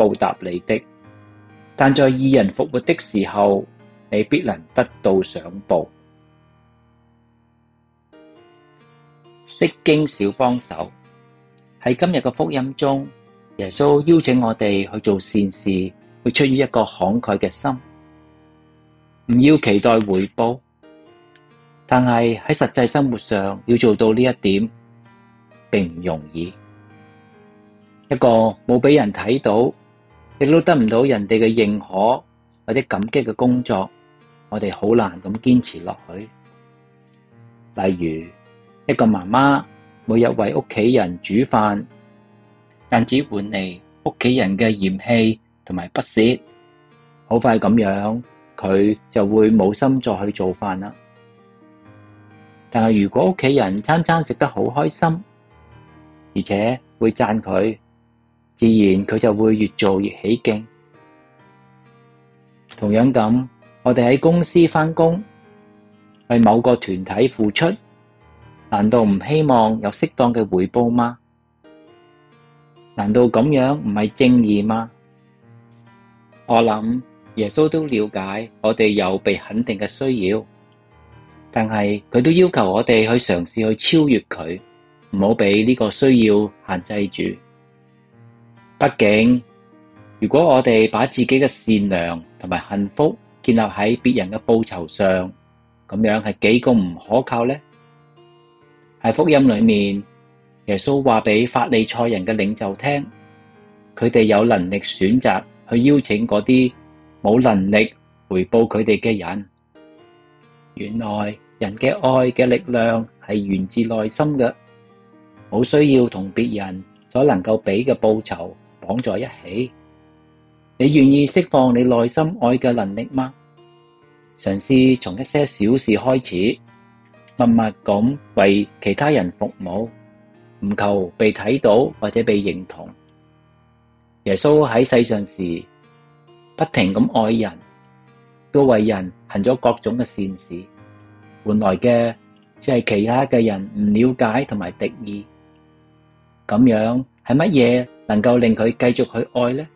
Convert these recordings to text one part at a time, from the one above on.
報答你的，但在義人復活的時候，你必能得到賞報。釋經小幫手，喺今日嘅福音中，耶穌邀請我哋去做善事，會出於一個慷慨嘅心，唔要期待回報。但係喺實際生活上，要做到呢一點，並唔容易。一個冇俾人睇到。亦都得唔到人哋嘅認可或者感激嘅工作，我哋好難咁堅持落去。例如一個媽媽每日為屋企人煮飯，但只換嚟屋企人嘅嫌棄同埋不屑，好快咁樣佢就會冇心再去做飯啦。但係如果屋企人餐餐食得好開心，而且會讚佢。自然佢就會越做越起勁。同樣咁，我哋喺公司返工，為某個團體付出，難道唔希望有適當嘅回報嗎？難道咁樣唔係正義嗎？我諗耶穌都了解我哋有被肯定嘅需要，但係佢都要求我哋去嘗試去超越佢，唔好俾呢個需要限制住。畢竟，如果我哋把自己嘅善良同埋幸福建立喺別人嘅報酬上，咁樣係幾咁唔可靠呢？喺福音裏面，耶穌話俾法利賽人嘅領袖聽，佢哋有能力選擇去邀請嗰啲冇能力回報佢哋嘅人。原來人嘅愛嘅力量係源自內心嘅，冇需要同別人所能夠俾嘅報酬。綁在一起，你願意釋放你內心愛嘅能力嗎？嘗試從一些小事開始，默默咁為其他人服務，唔求被睇到或者被認同。耶穌喺世上時，不停咁愛人，都為人行咗各種嘅善事，換來嘅只係其他嘅人唔了解同埋敵意，咁樣。係乜嘢能夠令佢繼續去愛呢？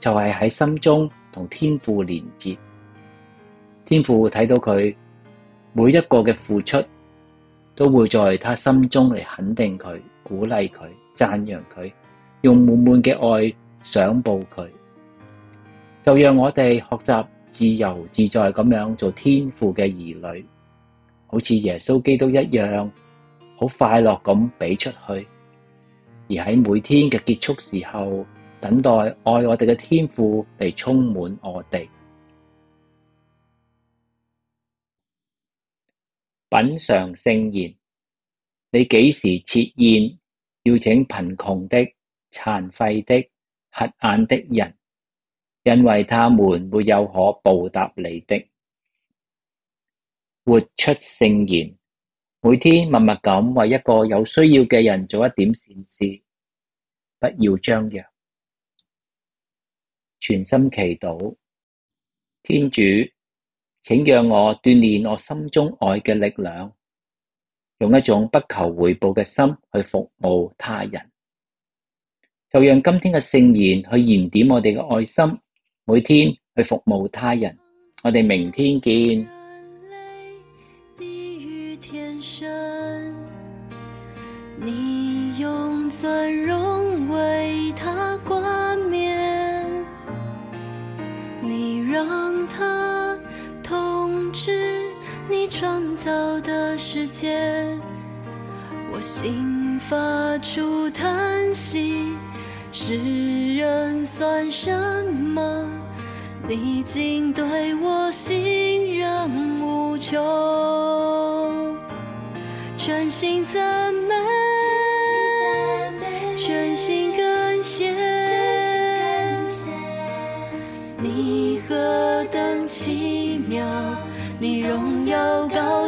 就係喺心中同天父連接，天父睇到佢每一個嘅付出，都會在他心中嚟肯定佢、鼓勵佢、讚揚佢，用滿滿嘅愛賞報佢。就讓我哋學習自由自在咁樣做天父嘅兒女，好似耶穌基督一樣，好快樂咁俾出去。而喺每天嘅結束時候，等待愛我哋嘅天父嚟充滿我哋，品嚐聖言。你幾時設宴，要請貧窮的、殘廢的、瞎眼的人，因為他們沒有可報答你的。活出聖言。每天默默咁為一個有需要嘅人做一點善事，不要張揚。全心祈禱，天主，請讓我鍛煉我心中愛嘅力量，用一種不求回報嘅心去服務他人。就讓今天嘅聖言去燃點我哋嘅愛心，每天去服務他人。我哋明天見。用尊榮為他冠冕，你讓他統治你創造的世界。我心發出嘆息，世人算什麼？你竟對我。你何等奇妙，你榮耀高。